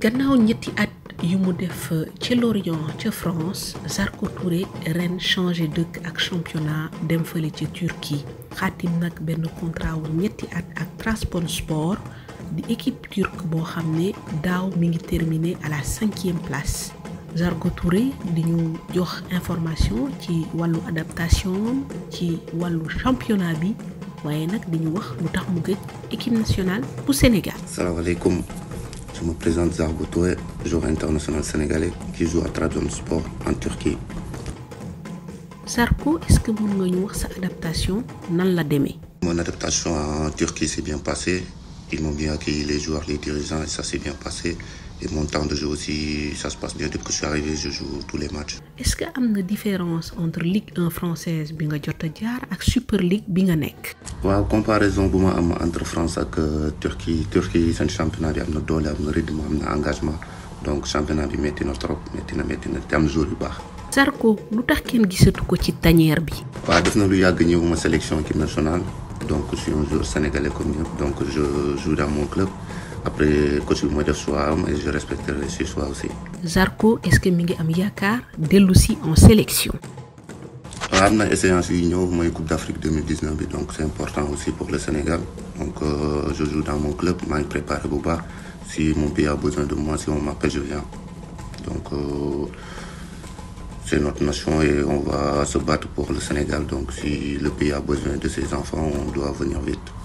gannaaw ñetti at yu mu def euh, ca Lorient ca France Zarko Touré ren changé dëkk ak championnat dem fële ca Turquie xaatim nag benn contrat wu ñetti at ak sport di équipe turque boo xam ne daaw mi ngi terminé à la cinquième place Zarko Touré diñu jox information ci wàllu adaptation ci wàllu championnat bi waaye nag diñu wax lu tax mu gëj équipe nationale bu Sénégal. salaamaaleykum je me présente Toué, joueur international sénégalais qui joue à Sport en Turquie. Sarko, est-ce que vous avez nous sa adaptation dans la Mon adaptation en Turquie s'est bien passée. Ils m'ont bien accueilli les joueurs, les dirigeants et ça s'est bien passé. Et mon temps de jeu aussi, ça se passe bien. Depuis que je suis arrivé, je joue tous les matchs. Est-ce qu'il y a une différence entre Ligue 1 française que et Super Ligue que Oui, La comparaison entre France et euh, Turquie, La Turquie c'est un championnat qui a un rythme, un engagement. Donc le championnat est metti na trop, metti na metti jour yu baax. Zarko lu tax kenn gisatu ko ci tanière bi. waaw def lu sélection équipe nationale donc je suis un joueur sénégalais comme donc je joue dans mon club après coach et je respecterai ce choix aussi. Zarko est-ce que mi ngi am yakar en sélection. Ah na Coupe d'Afrique 2019 donc c'est important aussi pour le Sénégal donc euh, je joue dans mon club je prépare prépare, si mon pays a besoin de moi si on m'appelle je viens donc euh, c'est notre nation et on va se battre pour le Sénégal donc si le pays a besoin de ses enfants on doit venir vite.